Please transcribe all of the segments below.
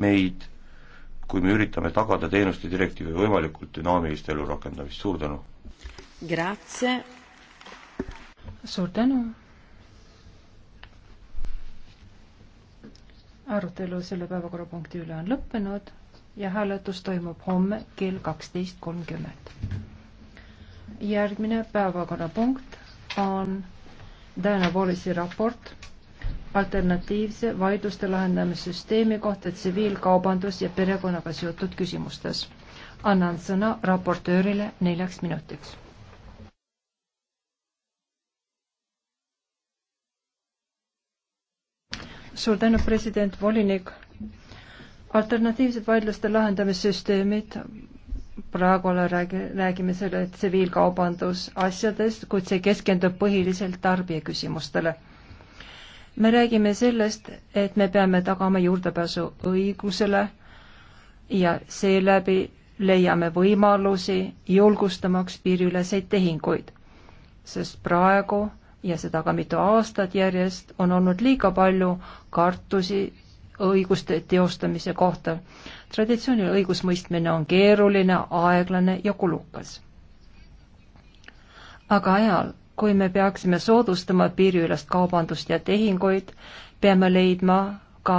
meid, kui me üritame tagada teenuste direktiivi võimalikult dünaamilist elu rakendamist, suur tänu! Grazie! suur tänu! arutelu selle päevakorrapunkti üle on lõppenud ja hääletus toimub homme kell kaksteist kolmkümmend. järgmine päevakorrapunkt on Diana Wallace'i raport alternatiivse vaidluste lahendamissüsteemi kohta tsiviilkaubandus ja perekonnaga seotud küsimustes. annan sõna raportöörile neljaks minutiks. suur tänu, president, volinik. alternatiivsed vaidluste lahendamissüsteemid praegu ole räägi, räägime selle tsiviilkaubandusasjadest, kuid see keskendub põhiliselt tarbijaküsimustele me räägime sellest, et me peame tagama juurdepääsu õigusele ja seeläbi leiame võimalusi julgustamaks piiriüleseid tehinguid, sest praegu ja seda ka mitu aastat järjest on olnud liiga palju kartusi õiguste teostamise kohta. traditsiooniline õigusmõistmine on keeruline, aeglane ja kulukas. aga ajal, kui me peaksime soodustama piiriülest kaubandust ja tehinguid, peame leidma ka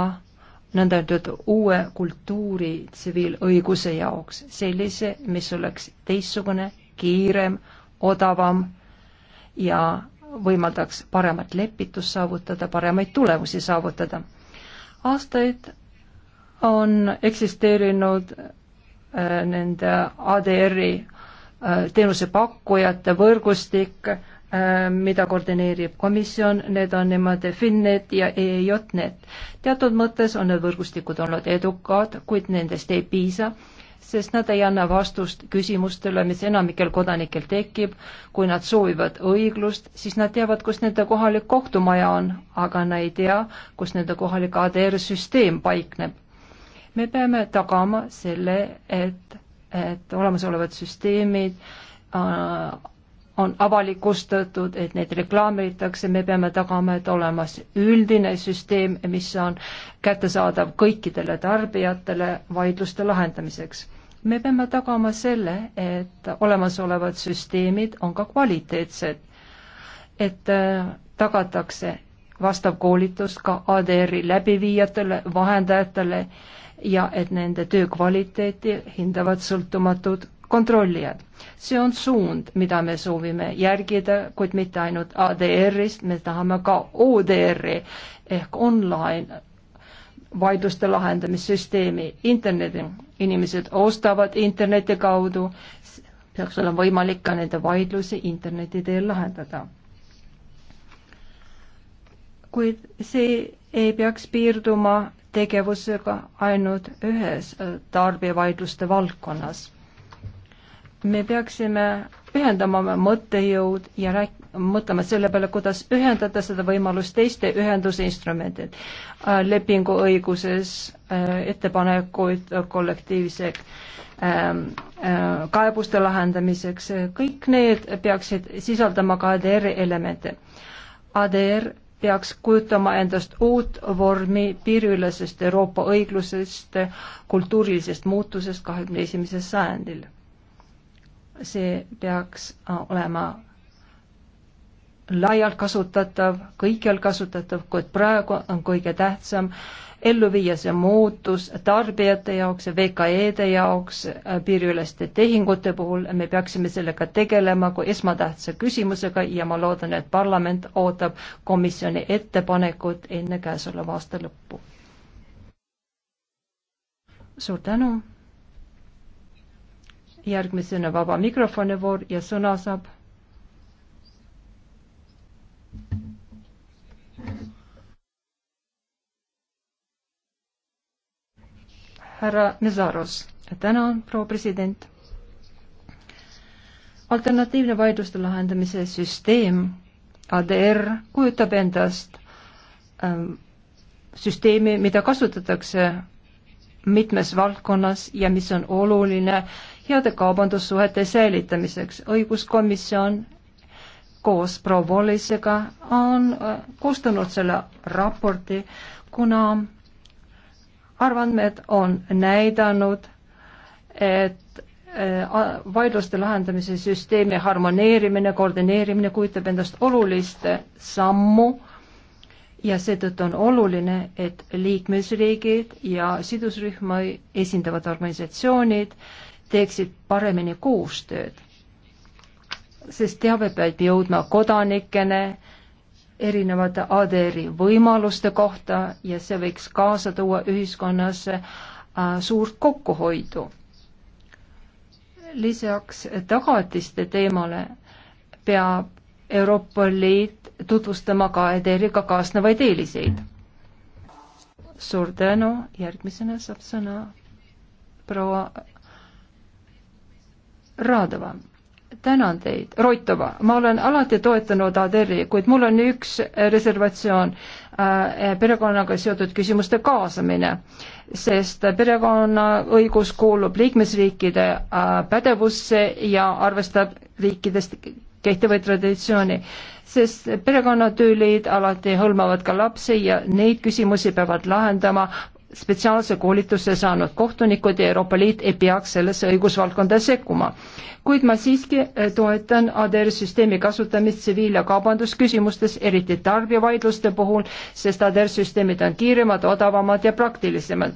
nõndanimetatud uue kultuuri tsiviilõiguse jaoks, sellise, mis oleks teistsugune, kiirem, odavam ja võimaldaks paremat lepitust saavutada, paremaid tulemusi saavutada. aastaid on eksisteerinud äh, nende ADR-i äh, teenusepakkujate võrgustik äh,, Äh, mida koordineerib komisjon, need on niimoodi Finnet ja EJNet. teatud mõttes on need võrgustikud olnud edukad, kuid nendest ei piisa, sest nad ei anna vastust küsimustele, mis enamikel kodanikel tekib. kui nad soovivad õiglust, siis nad teavad, kus nende kohalik kohtumaja on, aga nad ei tea, kus nende kohalik ADR-süsteem paikneb. me peame tagama selle, et, et olemasolevad süsteemid äh, on avalikustatud, et neid reklaamitakse, me peame tagama, et olemas üldine süsteem, mis on kättesaadav kõikidele tarbijatele vaidluste lahendamiseks. me peame tagama selle, et olemasolevad süsteemid on ka kvaliteetsed, et äh, tagatakse vastav koolitus ka ADR-i läbiviijatele, vahendajatele ja et nende töö kvaliteeti hindavad sõltumatud kontrollijad. see on suund, mida me soovime järgida, kuid mitte ainult ADR-ist, me tahame ka ODR-i ehk online vaidluste lahendamissüsteemi interneti. inimesed ostavad interneti kaudu, peaks olema võimalik ka nende vaidlusi interneti teel lahendada. kuid see ei peaks piirduma tegevusega ainult ühes tarbijavaidluste valdkonnas me peaksime ühendama oma mõttejõud ja rääk-, mõtlema selle peale, kuidas ühendada seda võimalust teiste ühenduse instrumendid, äh, lepinguõiguses äh, ettepanekuid kollektiivse ähm, äh, kaebuste lahendamiseks, kõik need peaksid sisaldama ka ADR-i elemente. ADR peaks kujutama endast uut vormi piiriülesest Euroopa õiglusest, kultuurilisest muutusest kahekümne esimeses sajandil see peaks äh, olema laialt kasutatav, kõikjal kasutatav, kuid praegu on kõige tähtsam ellu viia see muutus tarbijate jaoks ja VKE-de jaoks äh, piiriüleste tehingute puhul. me peaksime sellega tegelema kui esmatähtsa küsimusega ja ma loodan, et parlament ootab komisjoni ettepanekut enne käesoleva aasta lõppu. suur tänu järgmisena vaba mikrofoni voor ja sõna saab härra Mezaros. tänan, proua president. alternatiivne vaidluste lahendamise süsteem ADR kujutab endast ähm, süsteemi, mida kasutatakse mitmes valdkonnas ja mis on oluline äh, heade kaubandussuhete säilitamiseks. õiguskomisjon koos proua Wallisega on äh, koostanud selle raporti, kuna arvandmed on näidanud, et äh, vaidluste lahendamise süsteemi harmoneerimine, koordineerimine kujutab endast olulist sammu ja seetõttu on oluline, et liikmesriigid ja sidusrühma esindavad organisatsioonid teeksid paremini koostööd. sest teave peab jõudma kodanikene erinevate ADR-i võimaluste kohta ja see võiks kaasa tuua ühiskonnas äh, suurt kokkuhoidu. lisaks tagatiste teemale peab Euroopa Liit tutvustama ka EDR-iga kaasnevaid eeliseid. suur tänu, järgmisena saab sõna proua Raadova, tänan teid, Roitova, ma olen alati toetanud ADR-i, kuid mul on üks reservatsioon äh,, perekonnaga seotud küsimuste kaasamine, sest perekonnaõigus kuulub liikmesriikide äh, pädevusse ja arvestab riikidest kehtivaid traditsioone, sest perekonnatüüliid alati hõlmavad ka lapsi ja neid küsimusi peavad lahendama spetsiaalse koolituse saanud kohtunikud ja Euroopa Liit ei peaks sellesse õigusvaldkonda sekkuma. kuid ma siiski eh, toetan ADR-i süsteemi kasutamist tsiviil- ja kaubandusküsimustes, eriti tarbijavaidluste puhul, sest ADR süsteemid on kiiremad, odavamad ja praktilisemad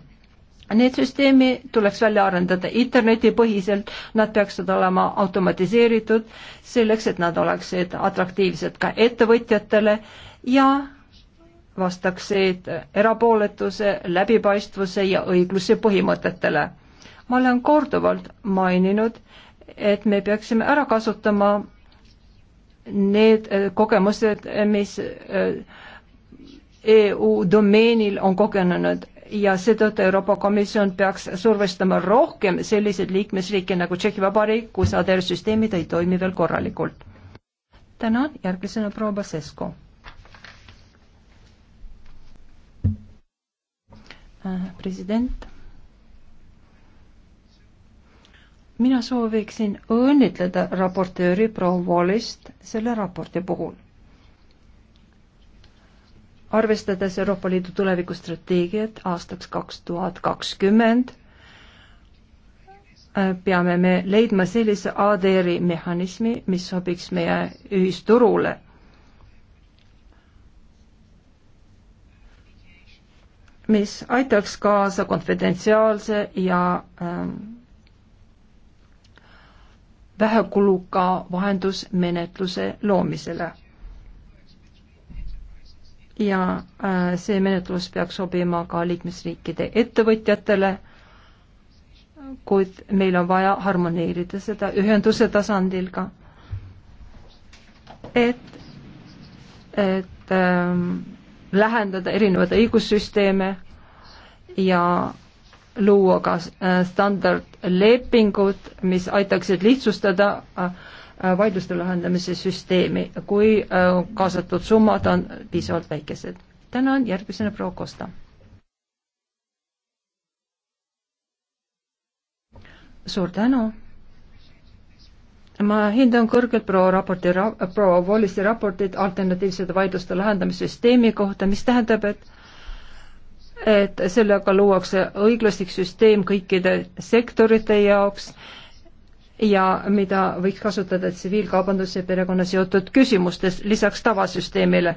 Need süsteemi tuleks välja arendada internetipõhiselt, nad peaksid olema automatiseeritud selleks, et nad oleksid atraktiivsed ka ettevõtjatele ja vastaksid erapooletuse, läbipaistvuse ja õigluse põhimõtetele. ma olen korduvalt maininud, et me peaksime ära kasutama need äh, kogemused, mis äh, EU domeenil on kogenenud ja seetõttu Euroopa Komisjon peaks survestama rohkem selliseid liikmesriike nagu Tšehhi Vabariik, kus ADR-süsteemid ei toimi veel korralikult. tänan, järgmisena proua Basesko Äh, president. mina sooviksin õnnitleda raportööri proua Wallist selle raporti puhul. arvestades Euroopa Liidu tulevikustrateegiat aastaks kaks tuhat kakskümmend, äh, peame me leidma sellise ADR-i mehhanismi, mis sobiks meie ühisturule mis aitaks kaasa konfidentsiaalse ja ähm, vähekuluka vahendusmenetluse loomisele. ja äh, see menetlus peaks sobima ka liikmesriikide ettevõtjatele, kuid meil on vaja harmoneerida seda ühenduse tasandil ka, et, et ähm, lähendada erinevaid õigussüsteeme ja luua ka äh, standardlepingud, mis aitaksid lihtsustada äh, äh, vaidluste lahendamise süsteemi, kui kaasatud summad on piisavalt väikesed. tänan, järgmisena proua Kosta. suur tänu ma hindan kõrgelt proua raporti, proua Wallisi raportit alternatiivsete vaidluste lahendamissüsteemi kohta, mis tähendab, et et sellega luuakse õiglaslik süsteem kõikide sektorite jaoks ja mida võiks kasutada tsiviilkaubandus ja perekonna seotud küsimustes lisaks tavasüsteemile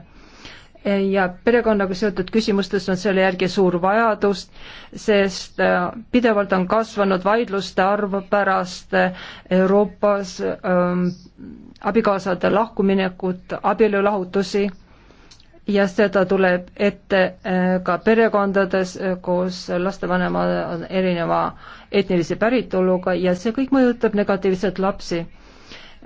ja perekonnaga seotud küsimustes on selle järgi suur vajadus, sest äh, pidevalt on kasvanud vaidluste arv pärast äh, Euroopas ähm, abikaasade lahkuminekut, abielulahutusi ja seda tuleb ette äh, ka perekondades, kus lastevanemad on erineva etnilise päritoluga ja see kõik mõjutab negatiivselt lapsi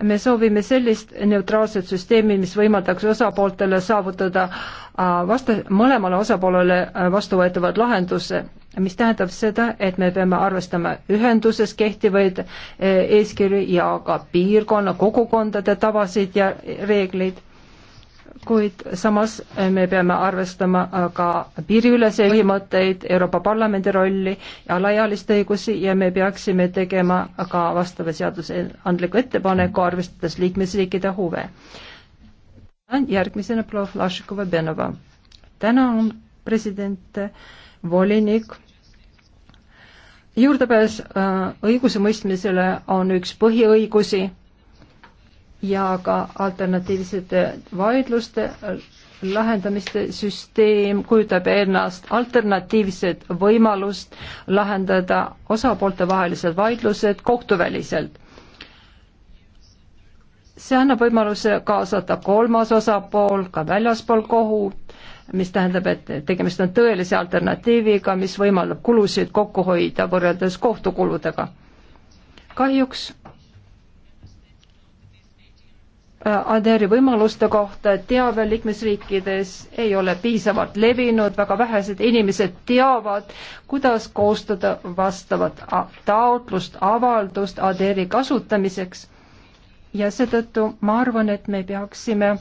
me soovime sellist neutraalset süsteemi, mis võimaldaks osapooltele saavutada äh, vasta, mõlemale osapoolele äh, vastuvõetavad lahenduse, mis tähendab seda, et me peame arvestama ühenduses kehtivaid äh, eeskirju ja ka piirkonna kogukondade tavasid ja reegleid kuid samas eh, me peame arvestama eh, ka piiriülese põhimõtteid, Euroopa Parlamendi rolli ja alaealiste õigusi ja me peaksime tegema ka vastava seadusandliku ettepaneku, arvestades liikmesriikide huve. järgmisena proua Flašikova-Benova. tänan, president, volinik juurdepääs eh, õigusemõistmisele on üks põhiõigusi ja ka alternatiivsete vaidluste lahendamiste süsteem kujutab ennast alternatiivset võimalust lahendada osapoolte vahelised vaidlused kohtuväliselt see annab võimaluse kaasata kolmas osapool ka väljaspool kohut, mis tähendab, et tegemist on tõelise alternatiiviga, mis võimaldab kulusid kokku hoida võrreldes kohtukuludega. kahjuks ADR-i võimaluste kohta teave liikmesriikides ei ole piisavalt levinud, väga vähesed inimesed teavad, kuidas koostada vastavat taotlust, avaldust ADR-i kasutamiseks. ja seetõttu ma arvan, et me peaksime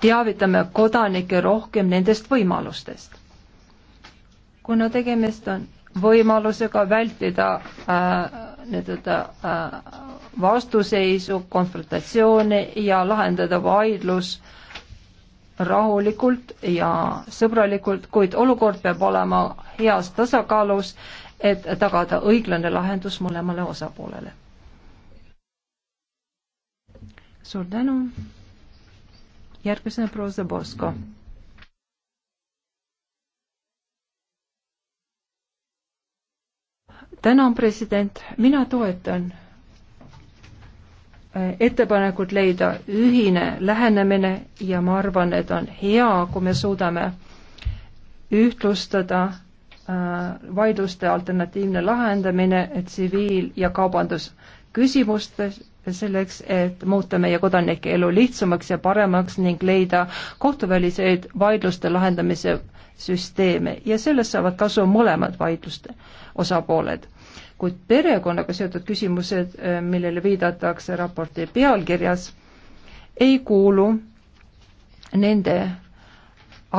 teavitame kodanikke rohkem nendest võimalustest. kuna tegemist on võimalusega vältida äh, nii-öelda äh, vastuseisu, konfrontatsioone ja lahendada vaidlus rahulikult ja sõbralikult, kuid olukord peab olema heas tasakaalus, et tagada õiglane lahendus mõlemale osapoolele. suur tänu. järgmisena proua Zaborsko. tänan, president, mina toetan ettepanekut leida ühine lähenemine ja ma arvan, et on hea, kui me suudame ühtlustada äh, vaidluste alternatiivne lahendamine tsiviil- ja kaubandusküsimustes selleks, et muuta meie kodanike elu lihtsamaks ja paremaks ning leida kohtuväliseid vaidluste lahendamise süsteeme ja sellest saavad kasu mõlemad vaidluste osapooled kuid perekonnaga seotud küsimused, äh, millele viidatakse raporti pealkirjas, ei kuulu nende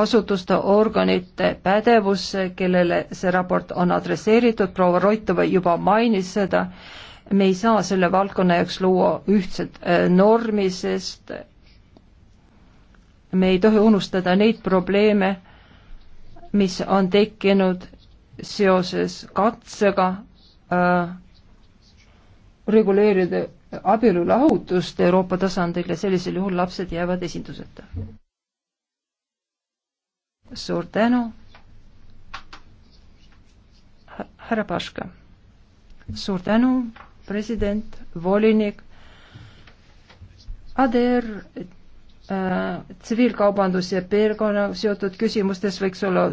asutuste, organite pädevusse, kellele see raport on adresseeritud, proua Roitova juba mainis seda, me ei saa selle valdkonna jaoks luua ühtset äh, normi, sest me ei tohi unustada neid probleeme, mis on tekkinud seoses katsega äh, reguleerida abielu lahutust Euroopa tasandil ja sellisel juhul lapsed jäävad esinduseta. suur tänu. härra Paška. suur tänu, president, volinik. ADR äh, tsiviilkaubandus ja piirkonnaga seotud küsimustes võiks olla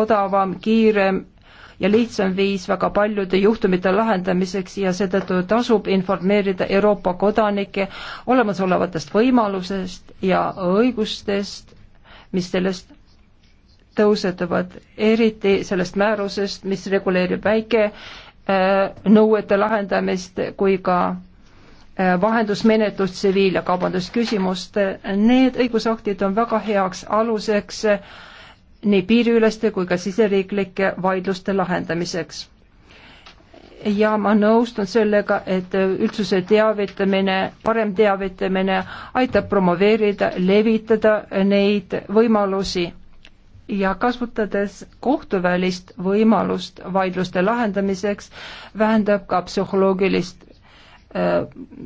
odavam, kiirem ja lihtsam viis väga paljude juhtumite lahendamiseks ja seetõttu tasub informeerida Euroopa kodanikke olemasolevatest võimalusest ja õigustest, mis sellest tõusetuvad, eriti sellest määrusest, mis reguleerib väike äh, nõuete lahendamist kui ka äh, vahendusmenetlust tsiviil- ja kaubandusküsimuste, need õigusaktid on väga heaks aluseks äh, nii piiriüleste kui ka siseriiklike vaidluste lahendamiseks. ja ma nõustun sellega, et üldsuse teavitamine, parem teavitamine aitab promoveerida, levitada neid võimalusi ja kasutades kohtuvälist võimalust vaidluste lahendamiseks, vähendab ka psühholoogilist äh,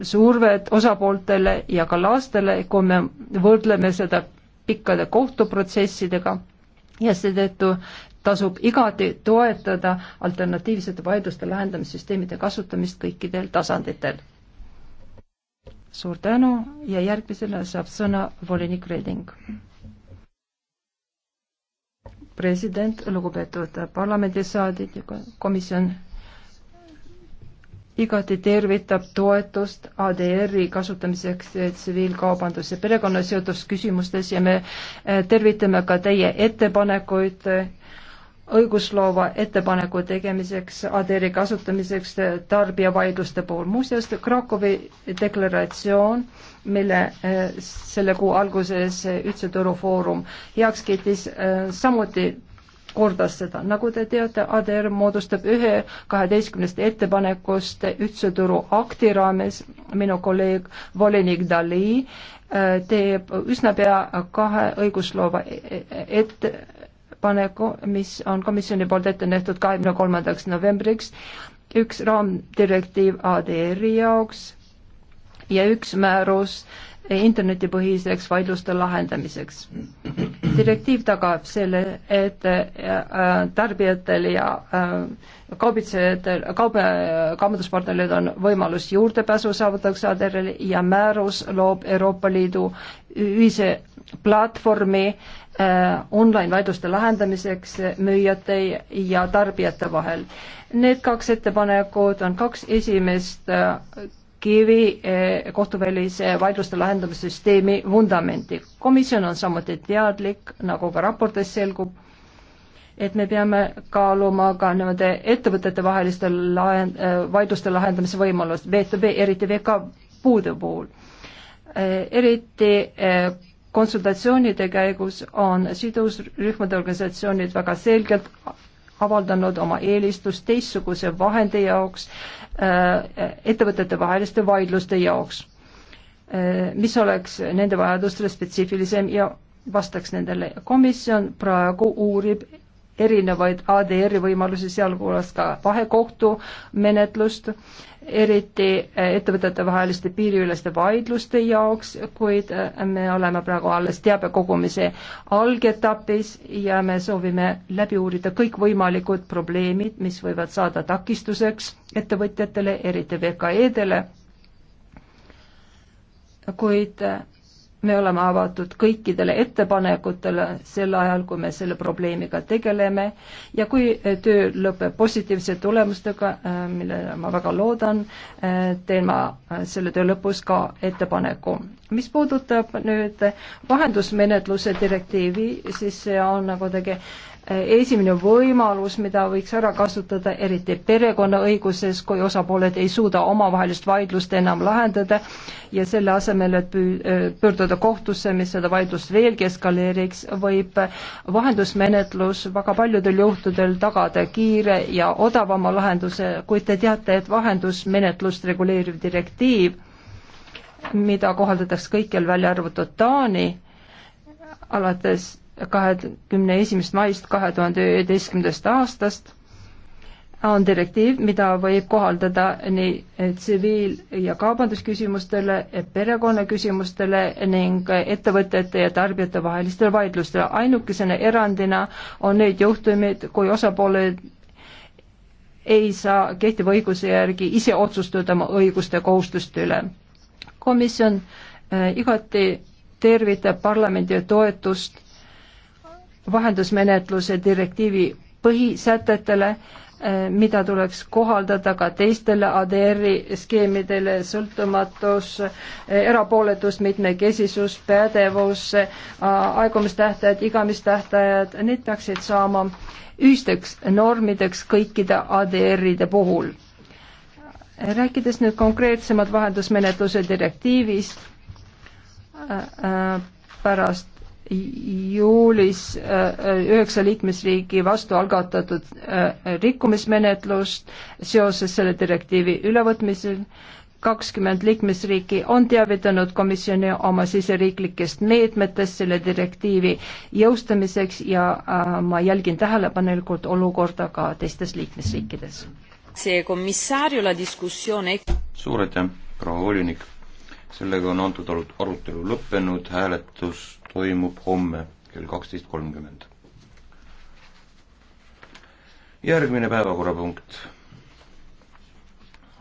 survet osapooltele ja ka lastele, kui me võrdleme seda pikkade kohtuprotsessidega ja seetõttu tasub igati toetada alternatiivsete vaidluste lahendamissüsteemide kasutamist kõikidel tasanditel. suur tänu ja järgmisena saab sõna volinik Reding. president, lugupeetud parlamendisaadik, komisjon igati tervitab toetust ADR-i kasutamiseks eh, tsiviilkaubandus- ja perekonnaseotus küsimustes ja me eh, tervitame ka teie ettepanekuid õigusloova ettepaneku tegemiseks ADR-i kasutamiseks eh, tarbijavaidluste puhul. muuseas, Krakowi deklaratsioon, mille selle kuu alguses Ühtse Turu Foorum heaks kiitis, samuti kordas seda. nagu te teate, ADR moodustab ühe kaheteistkümnest ettepanekust ühtse turu akti raames. minu kolleeg volinik Dali äh, teeb üsna pea kahe õigusloova e-, e-, ettepaneku, mis on komisjoni poolt ette nähtud kahekümne kolmandaks novembriks, üks raamdirektiiv ADR-i jaoks ja üks määrus äh, internetipõhiseks vaidluste lahendamiseks. direktiiv tagab selle, et äh, tarbijatel ja äh, kaubitsejatel, kaub-, kaubanduspartneril on võimalus juurdepääsu saavutamiseks aadressile ja määrus loob Euroopa Liidu ühise platvormi äh, online vaidluste lahendamiseks müüjate ja tarbijate vahel. Need kaks ettepanekut on kaks esimest kivi eh, kohtuvälise eh, vaidluste lahendamissüsteemi vundamenti. komisjon on samuti teadlik, nagu ka raportis selgub, et me peame kaaluma ka niimoodi ettevõtete vaheliste lahend-, eh, vaidluste lahendamise võimalust, B2B, eriti VK puude puhul. eriti konsultatsioonide käigus on sidusrühmade organisatsioonid väga selgelt avaldanud oma eelistust teistsuguse vahendi jaoks Äh, ettevõtete vaheliste vaidluste jaoks, äh, mis oleks nende vajadustele spetsiifilisem ja vastaks nendele. komisjon praegu uurib erinevaid ADR-i võimalusi, sealhulgas ka vahekohtu menetlust eriti eh, ettevõtetevaheliste piiriüleste vaidluste jaoks, kuid eh, me oleme praegu alles teabe kogumise algetapis ja me soovime läbi uurida kõikvõimalikud probleemid, mis võivad saada takistuseks ettevõtjatele, eriti VKE-dele. kuid eh, me oleme avatud kõikidele ettepanekutele sel ajal, kui me selle probleemiga tegeleme ja kui töö lõpeb positiivse tulemustega, äh, millele ma väga loodan, äh, teen ma äh, selle töö lõpus ka ettepaneku. mis puudutab nüüd vahendusmenetluse direktiivi, siis see on kuidagi nagu esimene võimalus, mida võiks ära kasutada, eriti perekonnaõiguses, kui osapooled ei suuda omavahelist vaidlust enam lahendada ja selle asemel, et pöörduda kohtusse, mis seda vaidlust veelgi eskaleeriks, võib vahendusmenetlus väga paljudel juhtudel tagada kiire ja odavama lahenduse, kuid te teate, et vahendusmenetlust reguleeriv direktiiv, mida kohaldatakse kõikjal, välja arvatud Taani, alates kahekümne esimest maist kahe tuhande üheteistkümnendast aastast on direktiiv, mida võib kohaldada nii tsiviil- ja kaubandusküsimustele, perekonnaküsimustele ning ettevõtete ja tarbijate vahelistele vaidlustele. ainukesena erandina on need juhtumid, kui osapooled ei saa kehtiva õiguse järgi ise otsustada oma õiguste kohustuste üle. komisjon äh, igati tervitab parlamendi toetust vahendusmenetluse direktiivi põhisätetele, eh, mida tuleks kohaldada ka teistele ADR-i skeemidele, sõltumatus, eh, erapooletus, mitmekesisus, pädevus, eh, aegumistähtajad, igamistähtajad, need peaksid saama ühisteks normideks kõikide ADR-ide puhul. rääkides nüüd konkreetsemalt vahendusmenetluse direktiivist, pärast juulis äh, äh, üheksa liikmesriigi vastu algatatud äh, rikkumismenetlust seoses selle direktiivi ülevõtmisel. kakskümmend liikmesriiki on teavitanud komisjoni oma siseriiklikest meetmetest selle direktiivi jõustamiseks ja ma jälgin tähelepanelikult olukorda ka teistes liikmesriikides. see komissario la discussione. suur aitäh, proua volinik. sellega on antud arutelu lõppenud, hääletus toimub homme kell kaksteist kolmkümmend. järgmine päevakorrapunkt